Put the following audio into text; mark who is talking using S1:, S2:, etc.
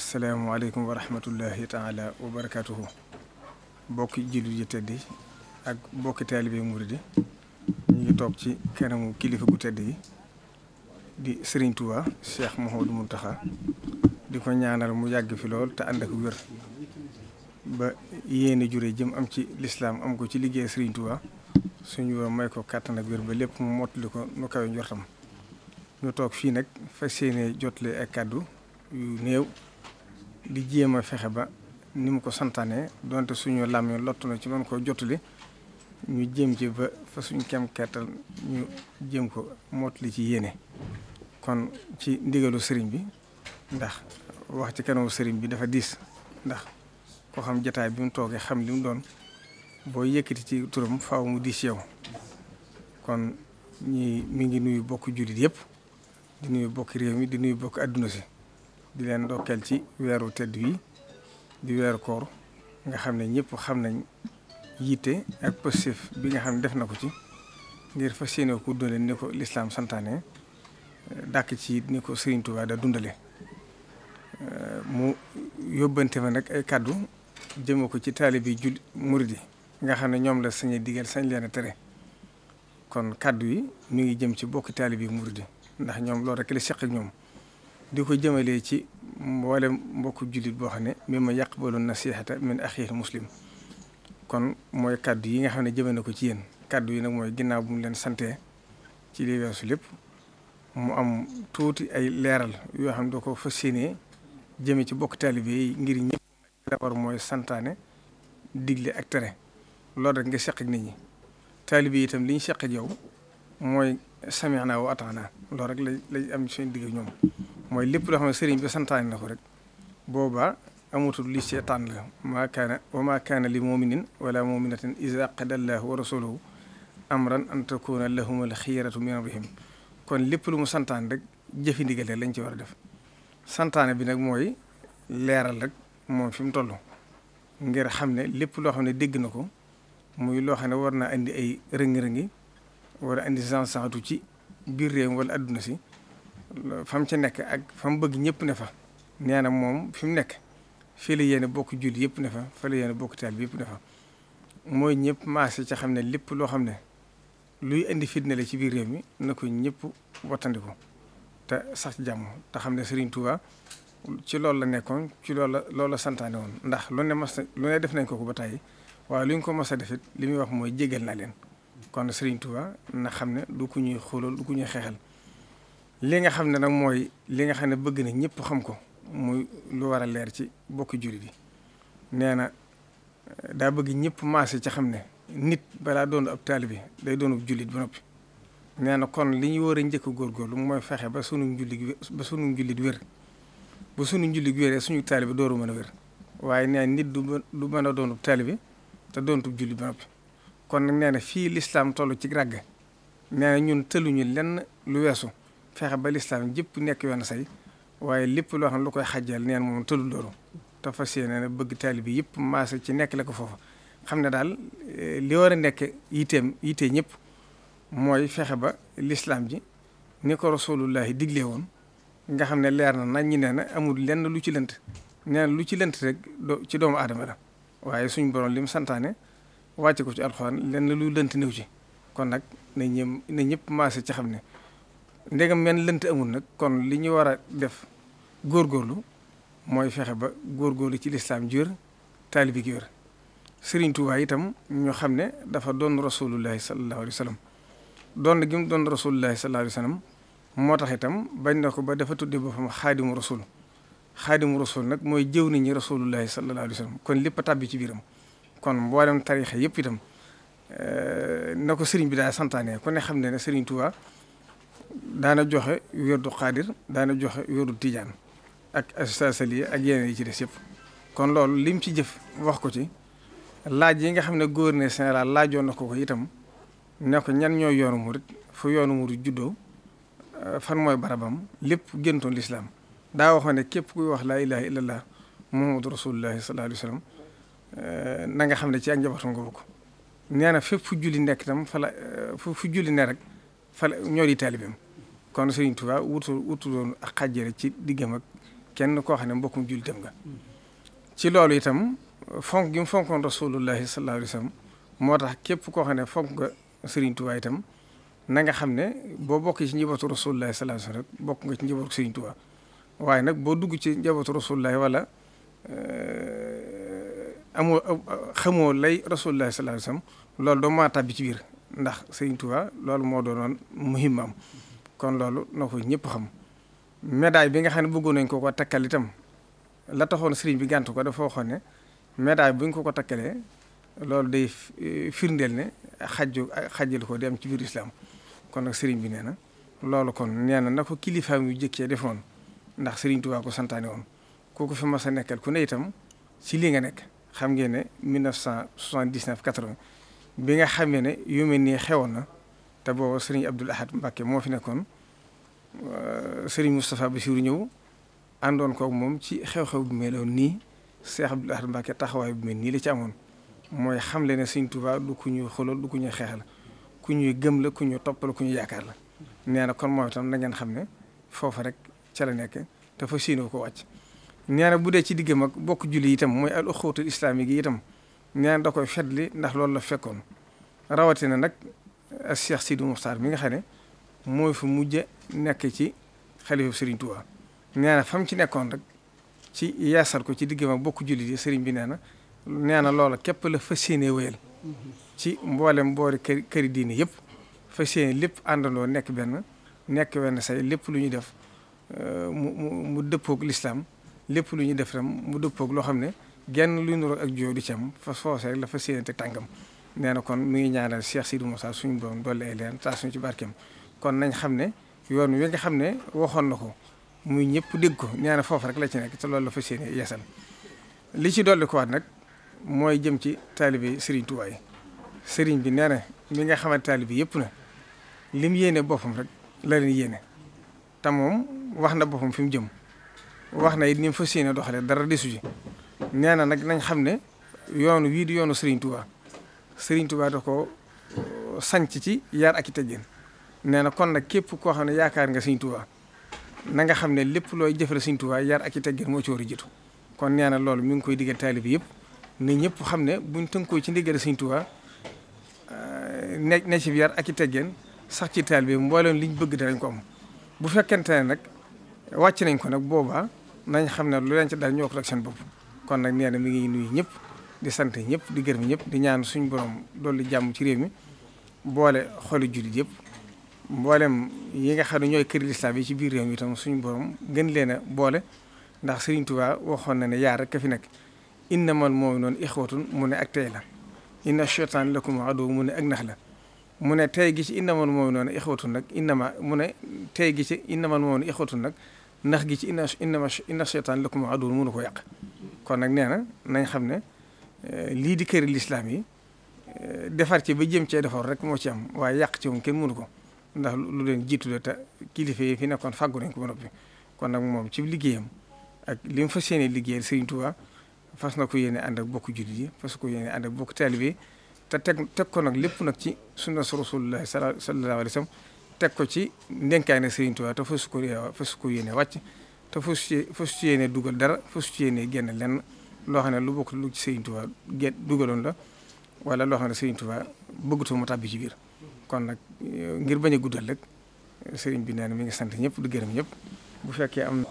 S1: asalaamaaleykum wa rahmatullahi taala wa barakaatuhu bokki jullit yi tedd yi ak bokki taalibe murid yi ñu toog ci kanamu kilifa gu tedd yi di Serigne Touba Cheikh Mouhamadou Mountakha di ko ñaanal mu yàgg fi lool te ànd ak wér ba yéene jure jëm am ci lislaam am ko ci liggéey Serigne Touba suñu woon may ko kàttan ak wér ba lépp mu mottali ko nu kawe njortam ñu toog fii nag fa yéene jotle ak kàddu yu néew di jéem a fexe ba ni mu ko santaanee donte suñu làmmiñ lottu na ci mën koo jotali ñu jéem ci ba fa suñ kem kertal ñu jéem ko mottali ci yéene kon ci ndigalu sëriñ bi ndax wax ci kanamu sëriñ bi dafa diis ndax koo xam jataay bi mu toogee xam li mu doon boo yëkkati ci turam faw mu diis yow kon ñi mu ngi nuyu bokk jullit yëpp di nuyu bokk réew mi di nuyu bokk àdduna si di leen ndokkeel ci weeru tedd wi di weeru koor nga xam ne ñëpp xam nañ yitte ak positif bi nga xam ne def na ko ci ngir fas yéene ko dundale ni ko lislaam santaane dàkk ci ni ko Serigne Touba da dundale mu yóbbante ma nag ay kàddu jëme ko ci taalibi jul murid yi nga xam ne ñoom la sañe digal sañ leen tere kon kàddu yi mu ngi jëm ci bokki taalibi murid yi ndax ñoom loolu rek la seq ñoom di ko jëmalee ci mboole mbokk jullit boo xam ne yàq mimma yaqbalu nasihata min axiil muslim kon mooy kàddu yi nga xam ne jëme na ko ci yéen kàddu yi nag mooy ginnaaw bu mu leen sante ci li weesu lépp mu am tuuti ay leeral yoo xam ne da ko fas yéenee jëme ci bokk taalibe yi ngir ñëpp mooy santaane digle ak tere loolu rek nga seq ak nit ñi taalibe yi itam li ñu seq ak yow mooy sami'na wa ata'na loolu rek la lay am seen digg ñoom mooy lépp loo xam ne sëriñ bi santaane na ko rek boobaa amatul li ci tànn la maa kaana wa maa kaana li muminin wala muminatin iza qada allahu wa rasuluhu amran an takuna lahum al xiyaratu min amrihim kon lépp lu mu santaane rek jëfi ndigale lañ ci war a def santaane bi nag mooy leeral rek moom fi mu toll ngir xam ne lépp loo xam ne dégg na ko muy loo xam ne war naa andi ay rëngi-rëngi war a andi sens-sensu ci biir réew wala adduna si fam ci nekk ak fam bëgg ñëpp ne fa nee na moom fi mu nekk fii la yéen bokk jul yëpp ne fa fa la yéen bokk taal bi yëpp ne fa mooy ñëpp maase ca xam ne lépp loo xam ne luy indi fitna la ci biir réew mi na ko ñëpp wattandiku te sax jàmm te xam ne sëriñ Touba ci loolu la nekkoon ci loolu la loolu la santaane woon ndax lu ne mas lu ne def nañ ko ko ba tàyyi waaye lu ñu ko mas a defit li muy wax mooy jégal naa leen kon Serigne Touba na xam ne du ko ñuy xoolal ñuy xeexal li nga xam ne nag mooy li nga xam ne bëgg na ñëpp xam ko muy lu war a leer ci bokki jullit yi nee na eh, daa bëgg ñëpp maase ci xam ne nit balaa doon ab taalibe day doon jullit ba noppi. nee na kon li ñu war a njëkk a góorgóorlu mooy fexe ba sunu njullit ba sunu njullit wér ba sunu njullit wéree suñu taalibe dooru mën a wér waaye nee nit du du mën a doon ab taalibe te doontu jullit kon nag nee na fii lislaam tollu ci ràgg nee na ñun tëluñu lenn lu weesu. fexe ba lislaam jëpp nekk yoon say waaye lépp loo xam ne lu koy xajjal neen moom tëddul loolu te fas yéene na bëgg taalibe bi yëpp maase ci nekk la ko foofa xam ne daal eh, li war a nekk yiteem yite ñëpp mooy fexe ba lislaam ji ni ko rasulullahi digle woon nga xam ne leer na nañ ñi nee na amul lenn lu ci lënt nee lu ci lënt rek ci doomu aadama la waaye suñ borom li mu santaane wàcce ko ci alxuraan lenn lu lënt néew ci kon nag na ñëm ñëpp maase ci xam ne ndegam men lënt amul nag kon li ñu war a def góor góorlu mooy fexe ba góor góorgóorlu ci lislaam jër taalibi gi wér sëriñ Tuubaa itam ñu xam ne dafa doon rasulullahi sallallahu alayhi wa sallam doon gi mu doon rasulullahi sallallahu alayhi wa moo tax itam bañ na ko ba dafa tudde boppam xaadimu rasul xaadimu rasul nag mooy jëw nit ñi rasulullahi sallallahu alayhi wa kon lépp a tàbbi ci biiram kon mboolem tariixa yëpp itam eh, na ko sëriñ bi daa santaane ku ne xam ne ne sëriñ daana joxe wérdu xaadir daana joxe wérdu tijaan ak astasaliya ak yeneen yi ci des yëpp kon loolu lim ci jëf wax ko ci laaj yi nga xam ne gouverneur général laajoo na ko ko itam ne ko ñan ñoo yoonu murit fu yoonu murit juddoo euh, fan mooy barabam lépp géntoon lislaam daa waxoon ne képp kuy wax laa ilaha illallah muhammadu rasulullahi sallallahu alayhi euh, xam ne ci ak fu julli nekk itam fa la euh, fu julli ne rek fal ñoo di taalibeem kon Sëriñ Tuubaa wutu wutu doon ak xàjjale ci diggam ak kenn koo xam ne mbokkum jullitam nga ci loolu itam fonk gi mu fonkoon rasulullahi sallallahu moo tax képp koo xam ne fonk nga Sëriñ Tuubaa itam na nga xam ne boo bokk ci njabootu rasulullahi sallallahu alayhi wasallam rek bokk nga ci njabootu Sëriñ Tuubaa waaye nag boo dugg ci njabootu rasulullahi wala euh, amoo xamoo lay rasulullahi sallallahu loolu doo maa tàbbi ci biir ndax Sëriñ Tuubaa loolu moo doon doonoon muhimmam kon loolu na ko ñëpp xam médaille bi nga xam ne bëggoon nañ ko ko takkal itam la taxoon sëriñ bi gànt ko de waxoon ne médaille bu ñu ko ko takkalee loolu day eh, firndeel ne xajju xajjal ko di am ci biir islam kon nag sëriñ bi nee na loolu kon nee na na ko kilifaam yu jëkkee defoon ndax sëriñ Tuubaa ko santaane woon kooku fi ma sa nekkal ku ne itam ci lii nga nekk xam ngeen ne 1979 80 bi nga xamee ne yu mel nii xewoon na te booba sëriñ Abdul Ahad Mbacke moo fi nekkoon euh, sëriñ Moustapha Bassirou ñëw àndoon koog moom ci xew-xew bu meloon nii Cheikh Abdul Ahad Mbacke taxawaay bu mel nii la ci amoon mooy xam leen sëriñ Touba du ku ñuy xolool du ku ñuy xeexal ku ñuy gëm la ku ñuy toppal ku ñuy yaakaar la nee na kon moom itam na xam ne foofa rek ca la nekk te fa siinoo ko wàcc nee na bu dee ci diggam ak bokk julli itam mooy al uxuwatul islaami gi itam ñaan da koy fetli ndax loolu la fekkoon rawatina nag eh, Cheikh Sidi Mokhtar mi nga xam ne mooy fi mujj nekk ci xalifa Serigne Touba ñaana fam ci nekkoon rek ci yaasal ko ci digg ma bokk jullit yi Serigne bi nee na nee na loola képp la fas yéenee wéyal ci mboole boori kër këri diine yëpp fas yéene lépp àndandoo nekk benn nekk wenn say lépp lu ñuy def eh, mu mu mu dëppoog lislaam lépp lu ñuy def tam mu dëppoog loo xam ne. genn luy nuroog ak juyoo di ci am fa foose rek la fa séenante tàngam nee na kon mi ngi ñaanal Cheikh Sidou Moussa suñu doom dolli ay leen taa suñu ci barkeem kon nañ xam ne yoon wi nga xam ne waxoon na ko muy ñëpp dégg ko nee foofu rek la ci nekk te loolu la fa séene yeesal li ci dolli ko waat nag mooy jëm ci taalibe Serigne Touba sëriñ bi nee na mi nga xamante taalibe yëpp na lim yéene boppam rek la leen yéene te moom wax na boppam fi mu jëm wax na it ni mu fa séene dara desu ji nee nag nañ xam ne yoon wii di yoonu Serigne Touba Serigne Touba da ko uh, sanc ci yar ak i teggin nee na kon nag képp koo xam ne yaakaar nga Serigne Touba na nga xam ne lépp looy jëfale Serigne Touba yar ak i moo ci war a kon nee na loolu mi ngi koy diggal taalib yëpp ne ñëpp xam ne buñ tënkoo ci ndigal Serigne Touba uh, ne ne ci yar ak sax ci taalib bi mbooleem liñ bëgg danañ ko am bu fekkente ne nag wàcc nañ ko nag boobaa nañ xam ne lu leen ci dal ñoo ko rek seen bopp. kon nag nee na mi ngi nuyu ñëpp di sant ñëpp di gërëm ñëpp di ñaan suñu borom dolli jàmm ci réew mi boole xoli jullit yépp mboolem yi nga xam ne ñooy kër lislaam yi ci biir réew mi itam suñu borom gën leen a boole ndax Serigne Touba waxoon na ne yaar rek ka fi nekk innamal mu'minuuna ixwatun mu ne ak tey la inna shaytaan lakum aduw mu ne ak nax la mu ne tey gi ci innamal mu'minuuna ixwatun nag innama mu ne tey gi ci innamal mu'minuuna ixwatun nag ndax gi ci inna inna inna shaytaan lakum aduw mu ne ko yàq kon nag nee na nañ xam ne eh, lii di këri lislaam yi eh, defar ci ba jëm cee defar rek moo ci am waaye yàq ci moom kenn mënu ko ndax lu leen jiitu la te kilifa yi fi nekkoon fàggu nañ ko ba noppi kon nag moom ci liggéeyam ak li mu fas yéene liggéeyal Sëriñ Tuubaa fas na ko yéene ànd ak bokku jullit yi fas ko yéene ànd ak bokku taalibe te teg teg ko nag lépp nag ci sunna Rasulullah sallallahu alayhi wa sallam teg ko ci ndenkaay na Sëriñ Tuubaa te fasu ko fasu ko yéene wàcc te fas ci fas ci yéene dugal dara fas ci yéene génn lenn loo xam ne lu bokk lu ci Serigne Touba gén dugaloon la wala loo xam ne Serigne Touba bëggatoo mu tàbbi ci biir kon nag ngir bañ a guddal rek Serigne bi nee na mi ngi sant ñëpp du gërëm ñëpp bu fekkee am